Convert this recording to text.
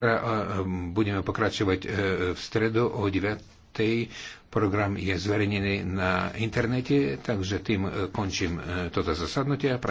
Um, budeme pokračovať e, v stredu o 9. Program je zverejnený na internete, takže tým e, končím e, toto zasadnutie.